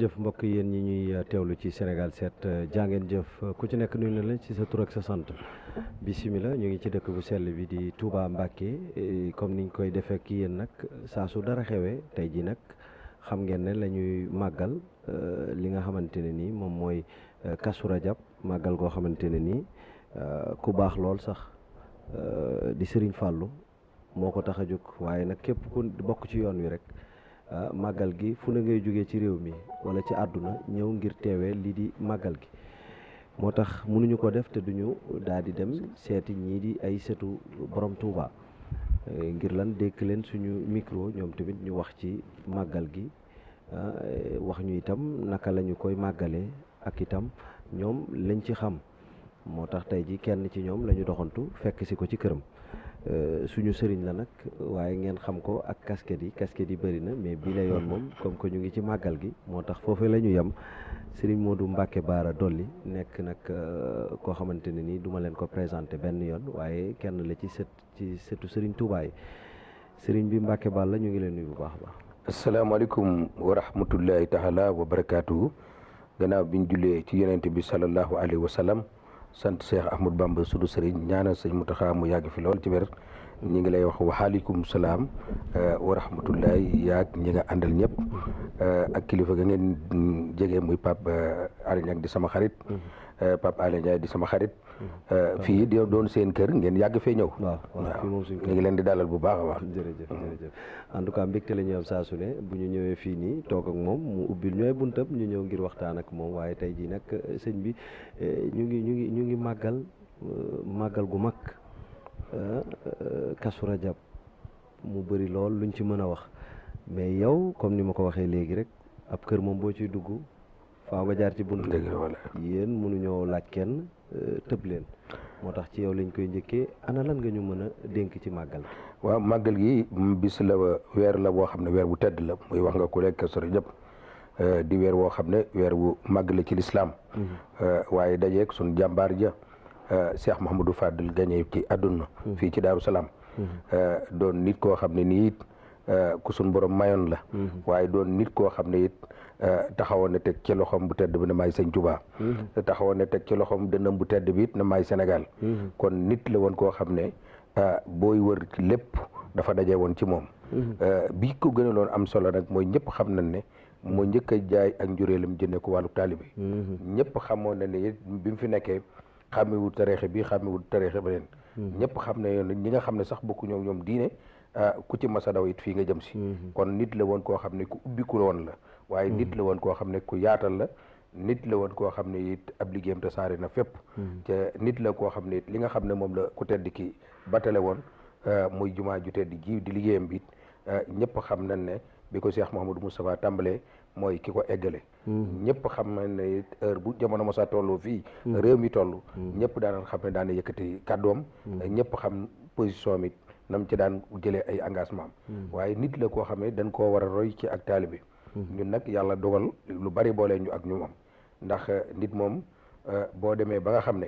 jëf mbokk yéen ñi ñuy teewlu ci Sénégal seet euh, jaa jëf ku ci nekk nuyu na leen ci sa tur sa sant bisimila ñu ngi ci dëkk bu sell bi di Touba Mbacké comme niñ koy defee ak yéen nag saa su dara xewee tey jii nag xam ngeen ne la ñuy màggal euh, li nga xamante ne nii moom mooy euh, Kazu Rajab màggal goo xamante ne nii ku baax lool sax di Serigne fàllu moo ko tax a jóg waaye nag képp ku bokk ci yoon wi rek. Ah, màggal gi fu na ngay jógee ci réew mi wala ci àdduna ñëw ngir teewe lii di màggal gi moo tax mënuñu ko def te duñu daal di dem seeti ñii di ay setu borom Touba eh, ngir lan dékk leen suñu micro ñoom tamit ñu wax ci màggal gi ah, eh, wax ñu itam naka lañu koy màggalee ak itam ñoom lañ ci xam moo tax tey ji kenn ci ñoom lañu doxantu fekk si ko ci këram Euh, suñu sëriñ la nag waaye ngeen xam ko ak casquette yi casquette yi bëri na mais bii la yoon mhm. moom comme que ñu ngi ci màggal gi moo tax foofee la ñu yem sëriñ Modou Mbacke Baara Dolli nekk nag euh, koo xamante ne nii duma leen ko présenté benn yoon waaye kenn la ci sët ci sëtu sëriñ tuubaay yi sëriñ bi Mbacke Baal la ñu ngi leen nuyu bu baax a baax. asalaamaaleykum wa rahmatullahi taala wa barakaatu gannaaw biñ jullee ci yonent bi sallallahu alayhi wa sallam sant Cheikh Ahmadou Bamba sudu sëriñ ñaanal sëñ Mountakha mu yàgg fi lool ci wér ñi ngi lay wax waaleykum salaam eh, wa rahmatullahi yaag ñi nga àndal ñëpp eh, ak kilifa ga ngeen jege muy Pape eh, Alé Niang di sama xarit mm-hmm. Euh, Pape Alé Ndiaye di sama xarit. Mm-hmm. Euh, fii di doon seen kër ngeen yàgg fee ñëw. waaw waaw ñu ngi leen di dalal bu baax a baax. jërëjëf mm-hmm. jërëjëf en tout cas mbégte la ñuy am saa ne bu ñu ñëwee fii nii toog ak moom mu ubbil ñooy buntam ñu ñëw ngir waxtaan ak moom waaye tey jii nag euh, sëñ bi ñu ngi ñu ngi ñu ngi màggal màggal gu mag kasu rajab mu bëri lool luñ ci mën a wax mais yow comme ni ma ko waxee léegi rek ab kër moom boo ciy dugg. faaw nga jaar ci bunt yéen mënuñoo laaj kenn euh, tëb leen moo tax ci yow lañ koy njëkke ana lan nga ñu mën a dénk ci màggal waaw màggal gi bis la weer la boo xam ne weer bu tedd la muy wax nga ku lekk sori ñëpp di weer woo xam ne weer bu màgg la ci lislaam mhm. euh, waaye dajeeg suñ jàmbaar ja euh, Cheikh Mouhamadou Fadil gañe ci àdduna mhm. fii ci Daaru Salaam mhm. doon nit koo xam ne nii Euh, ku suñ borom mayoon la mm-hmm. waaye doon nit koo xam ne it euh, taxawoon na teg ci loxoom bu tedd bi na may sëñ Tuubaa mm-hmm. taxawoon na teg ci loxoom dënnam bu tedd bi it na maay Sénégal mm-hmm. kon nit la woon koo xam ne euh, booy wër lépp dafa daje woon ci moom bi ko gënaloon am solo nag mooy ñëpp xam na ne moo njëkk a jaay ak njureelam jënde ko wàllu taalibe ñëpp xamoon na ne bi mu fi nekkee xàmmewul tariixa bi xàmmewul tariixa beneen ñëpp xam ne yoon ñi nga xam ne sax bokku ñoom diine Ah, ku ci masa daw it fii nga jëm si mm-hmm. kon nit la woon koo xam ne ku ubbiku woon la waaye mm-hmm. nit la woon koo xam ne ku yaatal la nit la woon koo xam ne it ab liggéeyam te saari na fépp mm-hmm. nit la koo xam ne it li nga xam ne moom la ku tedd ki batale woon ah, muy jumaa ju tedd ji di liggéeyam bi ah, ñëpp xam nañ ne bi ko Cheikh Mouhamadou Moustapha tàmbalee mooy ki ko eggale ñëpp xam nañ ne heure bu jamono mosa tolloo fii réew mi toll ñëpp daanañ xam ne daan yëkkati kàddoom ñëpp xam position mi nam ci daan jëlee ay engagement hmm. waaye nit la koo xam ne dañ koo war a roy ci ak taalibe hmm. ñun nag yàlla dogal lu bari boole ñu ak ñu moom ndax euh, nit moom euh, boo demee ba nga xam ne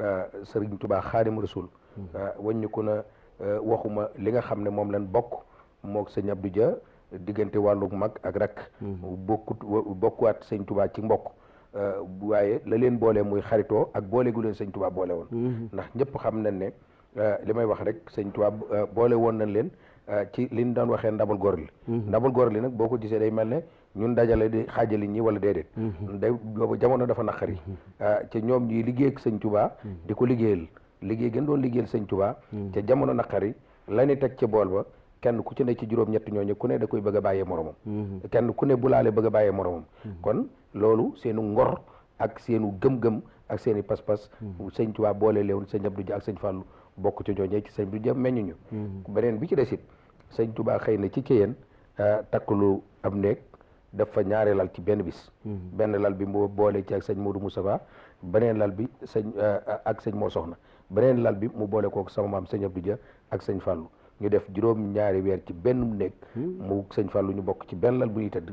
euh, sëriñ Tuubaa Xaadimu Rasuul hmm. wàññiku na waxuma li nga xam ne moom lañ bokk mook sëñ Abdou Dia diggante wàllu mag ak rak bokkut bokkuwaat sëñ Tuubaa ci mbokk waaye la leen boole muy xaritoo ak boole gu leen sëñ Tuubaa boole woon ndax ñëpp xam nañ ne Euh, li may wax rek sëñ Tuubaa euh, boole woon nañ leen euh, ci li ñu daan waxee ndabul góor li mhm. ndabal góor li nag boo ko gisee day mel ne ñun dajale di xaajali ñi wala déedéet mhm. day boobu jamono dafa naqari mhm. ci ñoom ñuy liggéey ak sëñ tubaa di ko liggéeyal liggéey gën doon liggéeyal sëñ Tuubaa ca jamono naqari la ñu teg ci bool ba kenn ku ci ne ci juróom ñett ñooñu ku ne da koy bëgg a bàyyee moromam kenn ku ne bu laale bëgg a bàyyee moromam kon loolu seenu ngor ak seenu gëm-gëm ak seeni pas-pas sëñ Tuubaa boole leewoon sëñ Abdu sëñ Fàllu bokk ci ñooñee ci sëñ bi jëm meññuñu mm-hmm. beneen bi ci desit sëñ Touba xëy na ci Ceyeen euh, takkalu am néeg def fa ñaari lal ci benn bis mm-hmm. benn lal bi mu boole ci ak sëñ Modou Moustapha beneen lal bi sëñ euh, ak sëñ moo soxna beneen lal bi mu boole kook sama maam sëñ Abdou Dia ak sëñ Fallou ñu def juróom ñaari weer ci benn néeg hmm. mu sëñ lu ñu bokk ci benn lal bu ñuy tëdd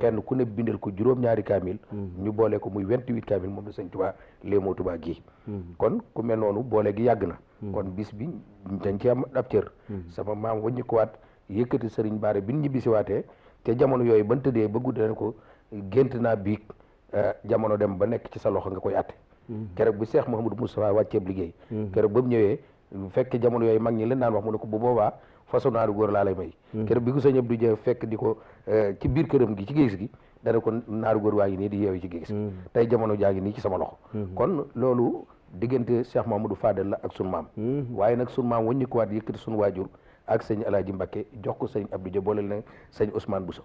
kenn ku ne bindal ko juróom ñaari kaamil hmm. ñu boole ko muy vingt-huit kaamil moom la sëñ Touba léemoo Touba gi hmm. kon ku mel noonu boole gi yàgg na kon bis bi dañ ci am ab cër sama maam waññi ko waat yëkkati sëriñ Baare bi ñu bisiwaatee te jamono yooyu ban tëddee ba guddee ko gént naa biig eh, jamono dem ba nekk ci sa loxo nga koy atte keroog bu Seex Mouhamadou Moustapha wàcceeb liggéey keroog ba mu ñëwee fekk jamono yooyu mag ñi leen daan wax mu ne ko bu boobaa façon naaru góor laa lay may hmm. keroog bi ko sëñ Abdou Dia fekk di ko eh, ci biir këram ngi ci géej gi dana ko naaru góor waa nii di yeewu ci géej gi hmm. tey jamono jaa nii ci sama loxo hmm. kon loolu diggante Cheikh du Fadel la ak sun maam waaye nag sun maam waññi ko waat yëkkati sun waajur ak sëñ Alaaji Mbakke jox ko sëñ Abdou ja booleel na sëñ Ousmane Bousso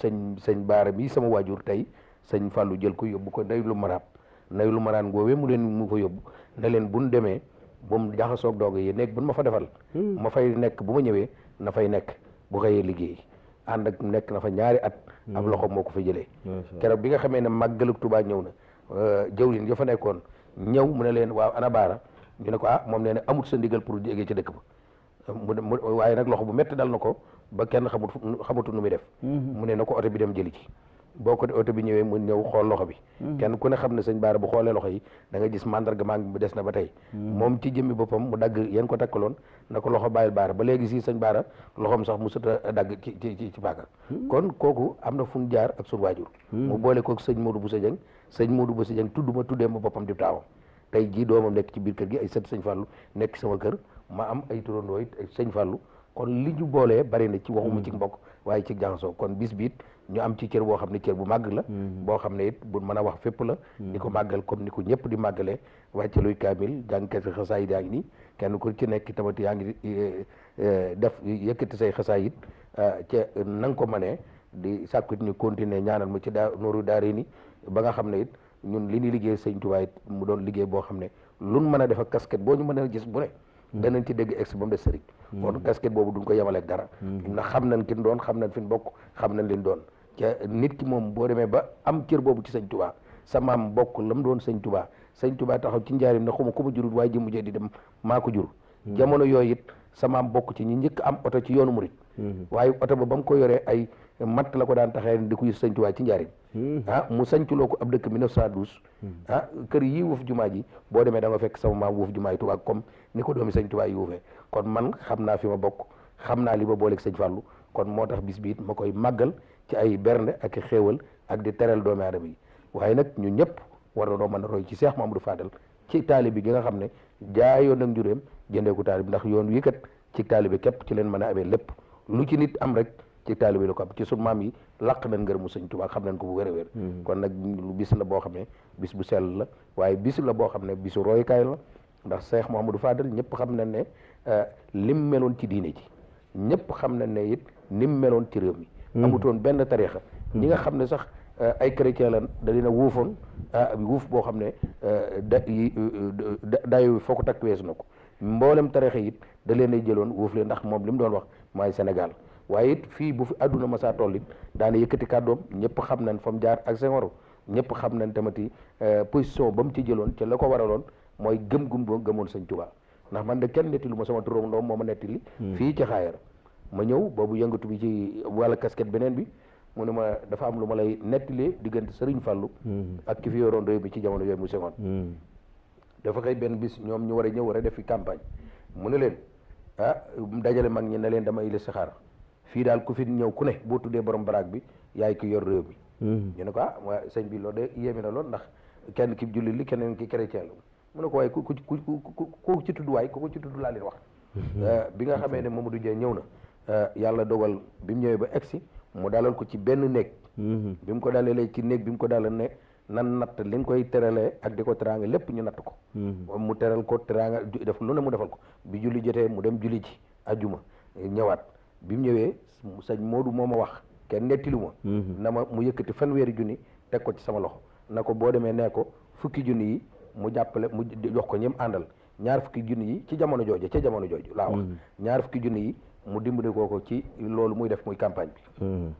sëñ sëñ Baara bi sama waajur tey sëñ Fallou jël ko yóbbu ko nay lu maraab nay lu maraan goowee mu leen mu ko yóbbu ne leen buñ demee bu mu jaxasoog doog yi néeg bu ma fa defal hmm. ma fay nekk bu ma ñëwee na fay nekk bu xëyee liggéey ànd ak nekk na fa ñaari at hmm. ab loxo moo ko fa jëlee keroog bi nga xamee ne màggalu Tuubaa ñëw na euh, jawlin ya fa nekkoon ñëw mu ne leen waaw ana baara ñu ne ko ah moom nee na amut sa ndigal pour jege ci dëkk ba euh, mu waaye nag loxo bu métti daal na ko ba kenn xamut xamutu nu muy def hmm. mu ne na ko oto bi dem jëli ci boo ko oto bi ñëwee mu ñëw xool loxo bi hmm. kenn ku ne xam ne sëñ baara bu xoolee loxo yi da nga gis mandarga maa ngi des na ba tey hmm. moom ci jëmmi boppam mu dagg yéen ko takkaloon na ko loxo bàyyil baara ba léegi si sëñ baara loxoom sax mu suta dagg ci ci ci paaka hmm. kon kooku am na fu mu jaar ak suñu waajur mu boole kook sëñ Modou Bousso Dieng sëñ Modou Bousso Dieng tudd ma tuddee ma boppam di taawam tey jii doomam nekk ci biir kër gi ay sët sëñ fallu nekk sama kër ma am ay turandoo it sëñ Fallou kon li ñu boolee bari na ci waxuma mm. ci mbokk waaye ci jaxasoo kon bis biit ñu am ci cër boo xam ne cër bu màgg la mm. boo xam ne it bu mën a wax fépp la di ko mm. màggal comme ni ko ñëpp di màggalee wàcce luy kaamil jàngkat yi xasaayit yaa ngi nii kenn ku ci nekk tamit yaa ngi eh, eh, def yëkkati say xasaayit eh, ca na nga ko mënee di sàkku it ñu continuer ñaanal ci daa nooru daare ni ba nga xam ne it ñun li ñuy liggéey sëñ Tuubaa mu doon liggéey boo xam ne lun mën a def ak boo ñu mën a gis bu ne danañ ci dégg ex ba de des Hmm. kon casquette boobu duñ ko yemaleeg dara hmm. na xam nañ kin doon xam nañ fi ñu bokk xam nañ liñ doon ca nit ki moom boo demee ba am cër boobu ci sëñ tubaa sa maam bokk la mu doon sëñ tubaa sëñ tubaa taxaw ci njaarim na xuma ku ma jurul waaye jëmu jee di dem maa ko jur hmm. jamono yooyu it sa maam bokk ci ñi njëkk am oto ci yoonu murit waaye oto ba ba mu ko yoree ay matt la ko daan taxee di ko sëñ tubaa ci njaarim ah mu sañculoo ko ab dëkk 1912 ah kër yii wuuf jumaa ji boo demee da nga fekk sama maam wuuf jumaa yi tubaa comme ni ko doomi sëñ Tuubaa yuufee kon man xam naa fi ma bokk xam naa li ma booleeg sañ Fallou kon moo tax bis bi it ma koy màggal ci ay bernde ak i ak di teral doomi aadama yi waaye nag ñun ñëpp war na doo mën a roy ci Cheikh Mamadou Fadal ci taali bi gi nga xam ne jaayoon ak njuréem jëndee ko taali bi ndax yoon wii kat ci taali bi képp ci leen mën a amee lépp lu ci nit am rek ci taali bi la ko am ci sunu maam yi laq nañ ngërëmu sëñ Tuubaa xam nañ ko bu hmm. kon nag lu bis la boo xam ne bis bu sell la waaye bis la boo xam ne bisu royukaay la ndax moo Cheikh Mouhamadou Fadal ñëpp xam na ne euh, lim meloon ci diine ji ñëpp xam na ne it nim meloon ci réew mi hmm. amutoon benn tariixa hmm. ñi nga xam ne sax euh, ay chrétien lan da leen wuufoon ah, wuuf boo xam ne euh, da dayo bi foo ko takk weesu na ko mboolem tariixa it da leen ay jëloon wuuf leen ndax moom li mu doon wax maay Sénégal waaye it fii bu àdduna masaa toll it daana yëkkati kàddoom ñëpp xam nañ fa jaar ak Senghor ñëpp xam nañ tamit position ba mu ci jëloon ca la ko waraloon mooy gëm gum ba gëmoon sëñ Tuubaa ndax man de kenn netti lu ma sama turóom ndoom moo ma netti li hmm. fii ci xaayar ma ñëw boobu yëngatu bi ci wàlla kasket beneen bi mu ne ma dafa am lu ma lay nettali diggante Sëriñ Fallu hmm. ak ki fi yoroon réew mi ci jamono yooyu mu sengoon hmm. dafa xëy benn bis ñoom ñu war a ñëw war a def fi campagne mu ne leen ah dajale mag ñi ne leen dama saxaar fii daal ku fi ñëw ku ne boo tuddee borom baraag bi yaay ki yor réew mi ñu ne ko ah, bi loolu de yéeme na lool ndax kenn ki jullit li keneen ki chrétien la mu ne ko waaye ku ku ku ku ci tudduwaay waay ku ci tudd wax. Mhm. Euh, bi nga xamee ne du jee ñëw na. Euh, yàlla dogal bi mu ñëwee ba egsi mu dalal ko ci benn néeg. Mhm. bi mu ko dalalee ci néeg bi mu ko dalal ne nan natt li nga koy teralee ak di ko teraanga lépp ñu natt ko. Mhm. mu teral ko teraanga def lu ne mu defal ko bi julli jotee mu dem julli ji ajuma ñëwaat bi mu ñëwee sëñ Modou moo ma wax kenn nettali ma. ma mu yëkkati fanweeri junni teg ko ci sama loxo na ko boo demee nee ko fukki junni yi. mu jàppale mu jox ko ñim àndal ñaar fukki junni yi ci jamono jooju ca jamono jooju laa wax mm. ñaar fukki junni yi mu dimbali koo ko ci loolu muy def muy campagne bi mm.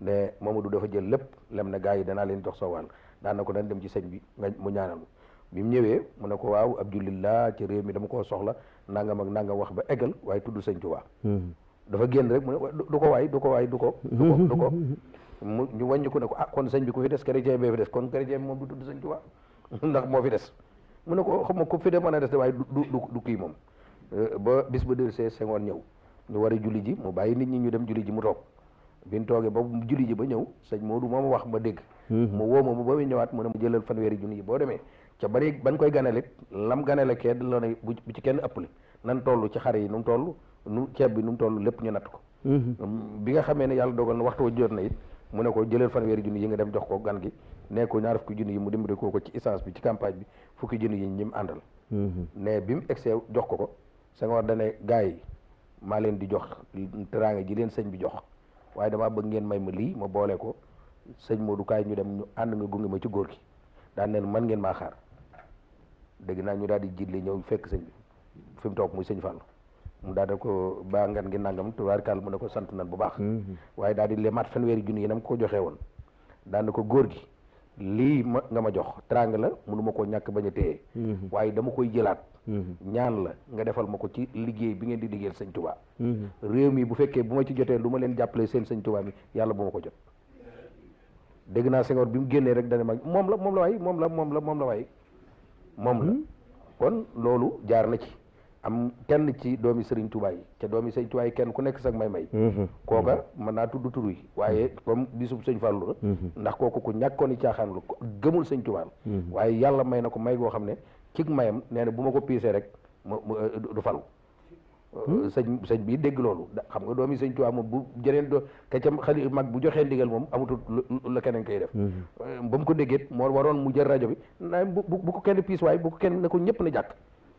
ne Mamadou dafa jël lépp lem na gaa yi danaa leen jox sowaan daan ko dañ dem ci sëñ bi mu ñaanal bi mu ñëwee mu ne ko waaw abdulillah ci réew mi dama koo soxla nangam ak nangam wax ba eggal waaye tudd sëñ waa mm. dafa génn rek mu ne du ko waay du ko waay du ko du ko mu ñu wàññi ko ne ko ah kon sëñ bi ku fi des chrétien bee fi des kon chrétien bi moom du tudd sëñ Tuubaa ndax moo fi des mu ne ko xam ma ku fi de mën a des de waaye du du kii moom euh, ba bis ba dellu see Senghor ñëw ñu war a julli ji mu bàyyi nit ñi ñu dem julli ji mu toog bi ñu toogee ba julli ji ba ñëw sëñ Modou moom wax ma dégg mm-hmm. mu woo ma ba mu ñëwaat mu ne mu jëlal fanweeri junni yi boo demee ca bari bañ koy ganalit lam ganale kee la ne bu ci kenn nan toll ci xar yi nu mu toll nu ceeb bi nu mu toll lépp ñu natt ko mm-hmm. bi nga xamee ne yàlla dogal na waxtu wa jot na it mu ne ko jëlal fanweeri junni yi nga dem jox ko gan gi nee ko ñaar fukki junni yi mu dimbali ci essence bi ci campagne bi fukki junni yi ñim àndal mhm. ne bi mu egsee jox ko ko Senghor dane gars yi maa leen di jox teraanga ji leen sëñ bi jox waaye dama bëgg ngeen may ma lii ma boole ko sëñ Modou kaay ñu dem ñu ànd nga gunge ma ci góor gi daan neen man ngeen maa xaar dégg naa ñu daal di jiitle ñëw fekk sëñ bi fi mu toog muy sëñ Fallou mu daal di ko baa ngan gi nangam tubaarkaal mu ne ko sant nan bu baax mhm. waaye daal di lemaat fanweeri junni yi nam ko joxee woon daan ko góor gi lii ma nga ma jox trang la mënu ma koo ñàkk bañ a téye mhm. waaye dama koy jëlaat mhm. ñaan la nga defal ma ko ci liggéey bi ngeen di liggéeyal sëñ Tuubaa mhm. réew mi bu fekkee bu ma ci jotee lu ma leen jàppalee seen sëñ Tuubaa mi yàlla bu ma ko jot dégg naa Senghor bi mu génnee rek dana mag moom la moom la moom la moom la moom la waaye moom la kon loolu jaar na ci am kenn ci doomi sëriñ tubaay yi te doomi Serigne Touba kenn ku nekk sax may may mhm. kooka mhm. mën naa tudd tur waaye mhm. comme bisub sëñ Fallou la ndax kooku ku ñàkkoon i caaxaan lu gëmul sëñ Touba la waaye yàlla may na ko may goo xam ne cig mayam nee na bu ma ko piisee rek ma eh, du falu hmm? eh, sëñ sëñ bi dégg loolu xam nga doomi sëñ Touba moom bu jëreen do ka ca xali mag bu joxee ndigal moom amatul la keneen koy def eh, ba mu ko déggee moo waroon mu jël rajo bi naa bu bu ko kenn piis waaye bu ko kenn ne ko ñëpp na jàkk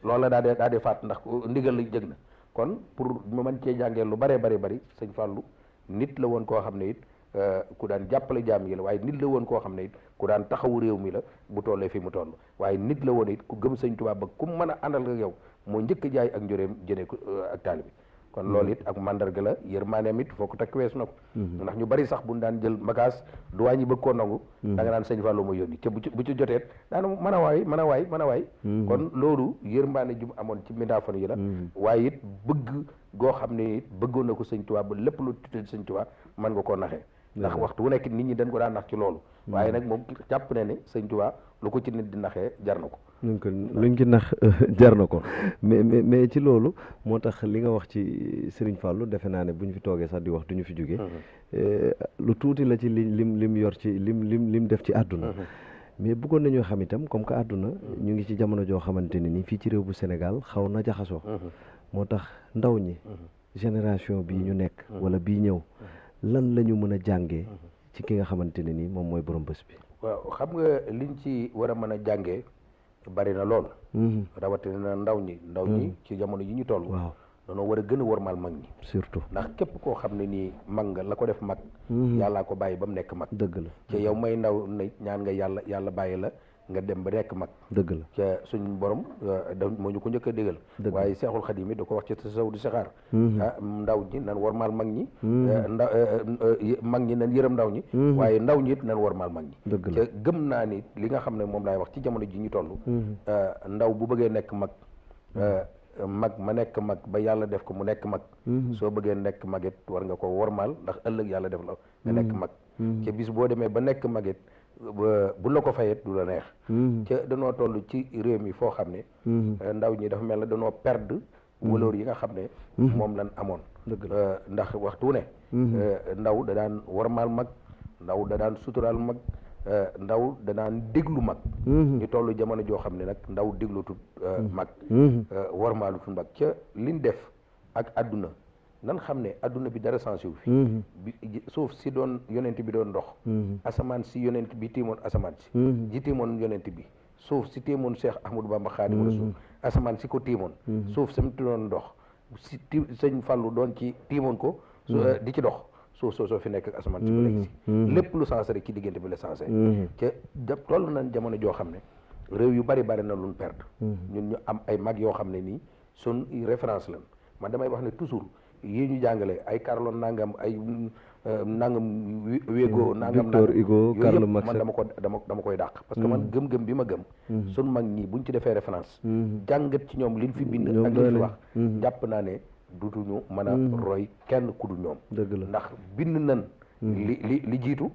loola daa dee daa dee faat ndax ndigal la jëg na kon pour mu mën cee jàngee lu bare bare bari sëñ Fàllu nit la woon koo xam ne it euh, ku daan jàppale jaam yi la waaye nit la woon koo xam ne it ku daan taxawu réew mi la bu tollee fi mu toll waaye nit la woon it ku gëm sëñ Tuubaa ba ku mën a àndal ak yow moo njëkk jaay ak njuréem jënee ko euh, ak taalibi kon loolu hmm. it ak mandarga la yërmaaneem it foo ko takk wees na ko hmm. ndax ñu bari sax bu buñ daan jël bagage duwaañ yi bëgg koo nangu hmm. da nga naan sëñ Fallou ma yónni te bu ci bu ci jotee daana mën a waay mën a waay mën a waay kon loolu yërmaane ju mu amoon ci mindaafon yi la waaye it bëgg goo xam ne it bëggoon na ko sëñ Tuubaa ba lépp lu tuddee sëñ Tuubaa mën nga koo naxee ndax waxtu wu nekk nit ñi dañ ko daan nax ci loolu waaye nag moom jàpp ne ne sëñ Tuubaa lu ko ci nit di naxee jar na ko luñ ko luñ nax jar na ko mais mais ci loolu moo tax li nga wax ci Serigne Fallou defe naa ne bu ñu fi toogee sax di wax du ñu fi jóge mhm. euh, lu tuuti la ci li lim lim yor ci lim lim lim def ci àdduna mhm. mais bëggoon nañoo xam itam comme que àdduna mhm. ñu ngi ci jamono joo xamante ne ni fii ci réew bu Sénégal xaw na jaxasoo moo tax ndaw ñi génération bii ñu nekk wala bii ñëw lan lañu mën a jàngee ci ki nga xamante ne ni moom mooy borom bés bi waaw xam nga liñ ci war a mën a jàngee bari na lool. Mhm. na ndaw ñi. ndaw ñi mhm. ci jamono ji ñu toll. waaw war a gën a war wormaal mag ñi. surtout ndax képp koo xam ne nii mag nga la ko def mag. Mhm. yàllaa ko bàyyi ba mu nekk mag. dëgg la ci yow may ndaw ñaan nga yàlla yàlla bàyyi la. nga dem ba nekk mag dëgg la ca suñ borom euh, da moo ñu ko njëkk a dégal waaye seexul xadim yi da ko wax ci tasaw di saxaar mhm. ah, ndaw ñi nan warmaal mag ñi mhm. euh, ndaw euh, mag ñi nan yërëm ndaw ñi mhm. waaye ndaw ñi it nan warmaal mag ñi dëgg ca gëm naa ni li nga xam ne moom laay wax ci jamono ji ñu toll ndaw bu bëggee nekk mag mag ma nekk mag ba yàlla def ko mu nekk mag soo bëggee nekk mag it war nga ko warmaal ndax ëllëg yàlla def la nga nekk mag ca bis boo demee ba nekk mag bu la ko fayet du la neex hmm. ca danoo toll ci réew mi foo xam ne hmm. eh, ndaw ñi dafa mel na danoo perdre waloor hmm. yi nga xam ne moom lan amoon eh, ndax waxtu ne eh, ndaw da daan warmaal mag ndaw da daan suturaal mag ndaw da daan déglu mag ñu toll jamono joo xam ne nag ndaw déglutu mag warmaalutu mag ca liñ def ak àdduna nan xam ne adduna bi dara changé wu fi mhm. bi suuf si doon yonent bi doon ndox mhm. asamaan si yonent bi téemoon asamaan si mhm. ji téemoon yonent bi suuf si téemoon Cheikh Ahmadou Bamba Xaadimu Rasuul asamaan si ko téemoon suuf sam doon ndox si ti sëñ Fallou doon ci téemoon ko euh, di ci dox suuf soo soo fi nekk ak asamaan si ko nekk si lépp lu changé rek ci diggante bi la changé ca ja toll jamono joo xam ne réew yu bari bari na luñ perdre ñun ñu am ay mag yoo xam ne nii sun référence la man damay wax ne toujours yii ñu jàngale ay Carlo nangam ay euh, nangam Wego mm-hmm. nangam Victor Hugo Karl Marx man dama ko dama dama koy dàq parce que man mm-hmm. gëm-gëm bi ma gëm mm-hmm. suñ mag ñi buñ ci defee référence jàngat ci ñoom liñ fi bind ak liñ fi wax jàpp naa ne dutuñu mën a roy kenn ku du ñoom dëgg la ndax bind nan li li li jiitu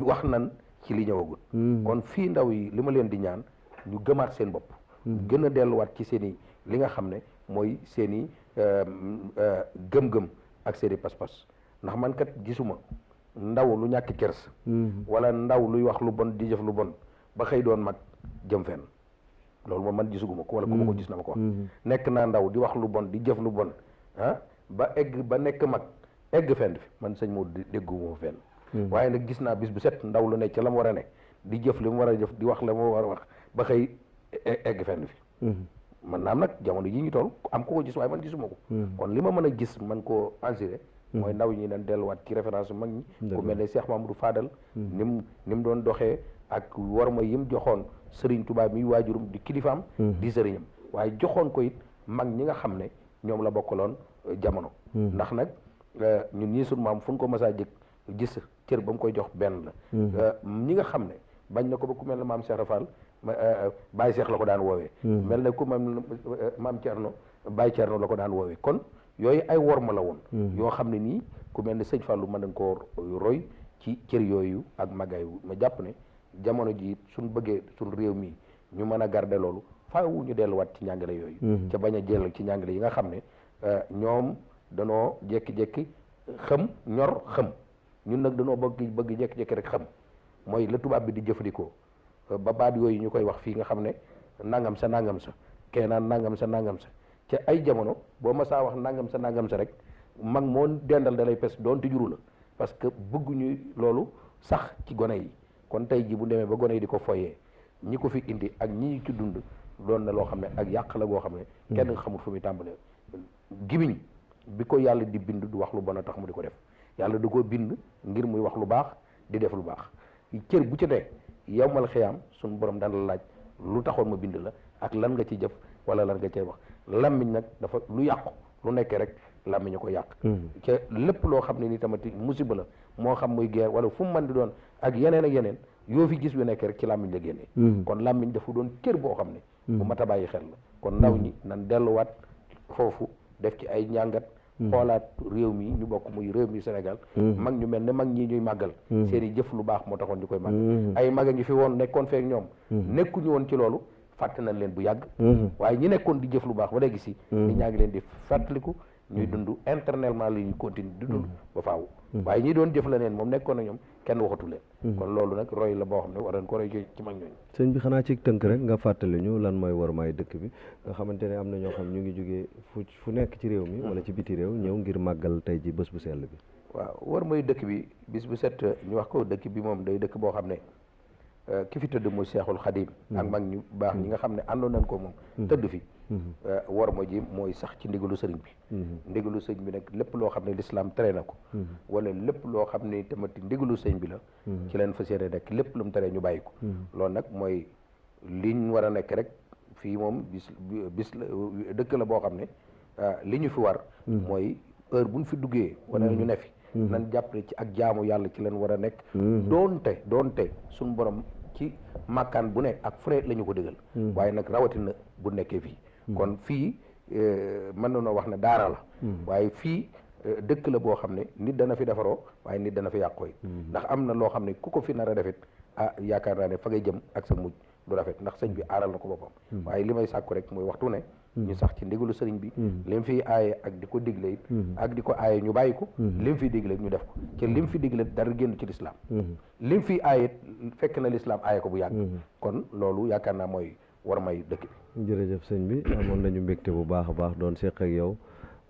wax nan ci li ñëwagul kon fii ndaw yi li ma leen di ñaan ñu gëmaat seen bopp gën a delluwaat ci seen i li nga xam ne mooy seen i Euh, euh, gëm-gëm ak seeni pas-pas ndax man kat gisuma ndaw lu ñàkk kers mhm. wala ndaw luy wax lu bon di jëf lu bon ba xëy doon mag jëm fenn loolu moom man gisuguma ko wala ku ko mhm. gis na ma ko wax mhm. nekk naa ndaw di wax lu bon di jëf lu bon ah, ba egg ba nekk mag egg fenn fi man sëñ moo dégguma fenn waaye nag gis naa bis bu set ndaw lu ne ci la mu war a ne di jëf li mu war a jëf di wax la mu war a wax ba xëy e-, egg fenn fi man naam nag jamono ji ñu toll am ko ko gis waaye man gisuma ko hmm. kon li ma mën a gis man koo assuré hmm. mooy ndaw ñi dañ delluwaat ci référence mag ñi ku mel ne Cheikh Mamadou Fadal hmm. ni mu ni mu doon doxee ak warma yi mu joxoon Serigne Touba mi waajurum di kilifaam di sëriñam waaye joxoon ko it mag ñi nga xam ne ñoom la bokkaloon euh, jamono ndax nag euh, ñun ñii suñu maam fu ko masaa jëkk gis cër ba mu koy jox benn la euh, ñi nga xam ne bañ na ko ba ku mel ne maam Cheikh Rafal Euh, euh, Baye Cheikh la ko daan woowee. Hmm. mel na ku maam euh, maam Thierno Baye Thierno la ko daan woowee kon yooyu ay wor ma la woon. Hmm. yoo xam ne nii ku mel ne sëñ fàllu mën nañ koo roy ci cër yooyu ak magay wu ma jàpp ne jamono ji suñ bëggee suñ réew mi ñu mën a garder loolu faaw ñu delluwaat ci njàngale yooyu. Hmm. ca bañ a jël ci njàngale yi nga xam ne ñoom danoo jékki-jékki xam ñor xam ñun nag danoo bëgg bëgg jékki-jékki rek xam mooy la tubaab bi di jëfandikoo. ba baat yooyu ñu koy wax fii nga xam ne nangam sa nangam sa kee naan nangam sa nangam sa ca ay jamono boo ma saa wax nangam sa nangam sa rek mag moo dendal dalay pes doon te juru la parce que bëgguñu loolu sax ci gone yi kon tey ji bu demee ba gone yi di ko foyee ñi ko fi indi ak ñi ci dund doon na loo xam ne ak yàq la goo xam ne hmm. kenn xamul fa muy tàmbalee gimiñ bi ko yàlla di bind du wax lu bon a tax mu di ko def yàlla du ko bind ngir muy wax lu baax di def lu baax cër bu ci nekk yowmal xiyaam suñu borom daan laaj lu taxoon ma bind la ak lan nga ci jëf wala lan nga cay wax làmmiñ nag dafa lu yàqu lu nekkee rek làmmiñ ko yàq hmm. ca lépp loo xam ne ni tamit musiba la moo xam muy guerre wala fu mu mën di doon ak yeneen ak yeneen yoo fi gis yu nekke rek ci làmmiñ la génnee hmm. kon làmmiñ dafa doon kër boo xam ne hmm. bu mat a bàyyi xel la kon ndaw ñi nan delluwaat foofu def ci ay njàngat Mm-hmm. xoolaat réew mi ñu bokk muy réew mi Sénégal mm-hmm. mag ñu mel ne mag ñi ñuy màggal mm-hmm. seen jëf lu baax moo taxoon ñu koy màggal ay mag a ngi fi woon nekkoon feek ñoom nekkuñu woon ci loolu fàtte nañ leen bu yàgg waaye ñi nekkoon di jëf lu baax ba léegi si nit ñaa ngi leen di fàttaliku ñuy mhm. dundu internellement la ñuy continuer di dund mhm. ba faaw mhm. waaye ñi doon jëf la neen moom nekkoon na ñoom kenn waxatu leen kon loolu nag roy la boo xam ne war nañ ko roy ci mag ñooñu sëñ bi xanaa ci tënk rek nga fàttali ñu lan mooy war maay dëkk bi nga xamante ne am na ñoo xam ñu ngi jógee fu fu nekk ci réew mi wala ci biti réew ñëw ngir màggal tey ji bés bu sell bi waaw war mooy dëkk bi bis bu set ñu wax ko dëkk bi moom day dëkk boo xam ne Euh, ki fi tëdd muy Seexul Xadim mm-hmm. ak mag ñu baax ñi mm-hmm. nga xam ne àndoon nañ ko moom mm-hmm. tëdd fi euh, war ma ji mooy sax ci ndigalu sëriñ bi ndigalu sëriñ bi nag lépp loo xam ne lislaam tere na ko wala lépp loo xam ne tamit ndigalu sëriñ bi la ci leen fa yéene nekk lépp lu mu tere ñu bàyyi ko loolu nag mooy liñ war a nekk rek fii moom bis la dëkk la boo xam ne euh, li ñu fi war mooy heure buñ fi duggee wala ñu ne fi nan jàppale ci ak jaamu yàlla ci leen war a nekk doonte doonte suñu borom ci màkkaan bu nekk ak fu ne la ko dëggal hmm. waaye nag rawatina bu nekkee fii hmm. kon fii eh, mën na noo wax ne daara la hmm. waaye fii eh, dëkk la boo xam ne nit dana fi defaroo waaye nit dana fi yàqoo ndax am na loo xam ne ku ko fi nar a defit ah yaakaar naa ne fa ngay jëm ak sa mujj du rafet ndax sëñ bi aaral na ko boppam waaye li may sàkku rek mooy waxtu ne ñu mm-hmm. sax ci ndigalu sëriñ bi mm-hmm. lim fiy aaye ak di ko digle it mm-hmm. ak di ko aaye ñu bàyyi ko lim fi digle ñu def ko ci lim fi digle dara génn ci lislaam lim fiy aaye fekk na lislaam aaye ko bu yàgg kon loolu yaakaar naa mooy war may dëkk bi jërëjëf sëñ bi amoon nañu mbégte bu baax a baax doon seq yow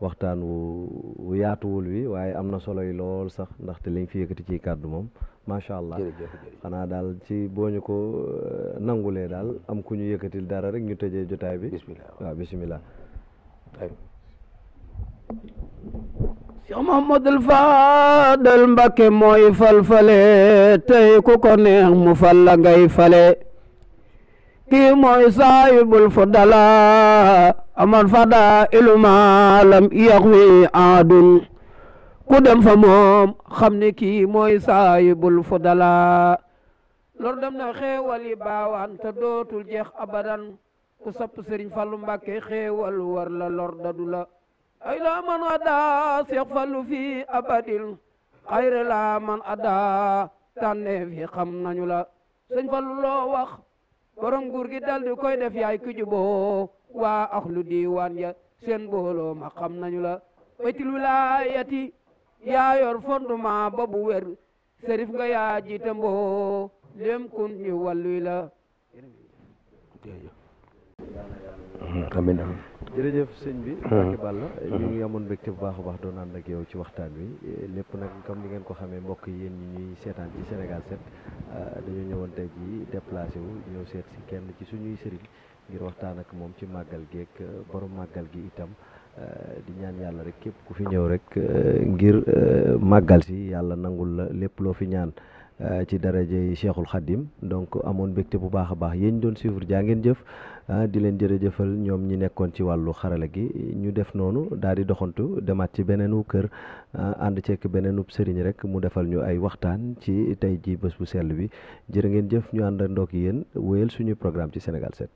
waxtaan wu yaatuwul wi waaye am na solo lool sax ndaxte liñ fi yëkkati ciy kàddu moom macha allah xanaa daal ci boo ko euh, nangulee daal am ku ñu yëkkatil dara rek ñu tëjee jotaay bi waaw bisimilah Cheikh mooy falfale tey ku ko neex mu fal ngay fale kii mooy saayibul fadala amal fada ilumalam yaxwi aadun ku dem fa moom xam ne kii mooy saayibul fudala lor dem na xéewal yi baawaan dootul jeex abadan ku sapp sëriñ fallu mbàkke xéewal war la lor dadu la ay la man ada seex fallu fii abadin xayre la man ada tànneef yi xam nañu la sëñ fallu loo wax borom nguur gi dal koy def yaay ku juboo waa axlu diiwaan ya seen booloo ma xam nañu la baytul wilaayati yaa yor fondement ba bu wér sërif nga yaa jiite mboo dem kun ñu wàlluy la amin amin jërëjëf sëñ bi Mbacke Balla ñu amoon mbégte bu baax a baax doon ànd ak yow ci waxtaan wi lépp nag comme ni ngeen ko xamee mbokk yéen ñi ñuy seetaan ci Sénégal 7 euh, dañoo ñëwoon tey jii déplacé wu ñëw seet si kenn ci suñuy sëriñ ngir waxtaan ak moom ci màggal gi ak euh, borom màggal gi itam Euh, di ñaan yàlla rek képp ku fi ñëw rek euh, ngir euh, màggal si yàlla nangul la lépp loo fi ñaan ci daraje yi Cheikhul Khadim donc amoon mbégte bu baax a baax yéen doon suivre jaa ngeen jëf ah, di leen jëfal ñoom ñi nekkoon ci wàllu xarala gi ñu def noonu daal di doxantu demaat ci beneen beneenu kër ah, ànd cek beneenu sëriñ rek mu defal ñu ay waxtaan ci tey ji bés bu sell bi jërë ngeen jëf ñu ànd ndoog yéen wéyal suñu programme ci Sénégal set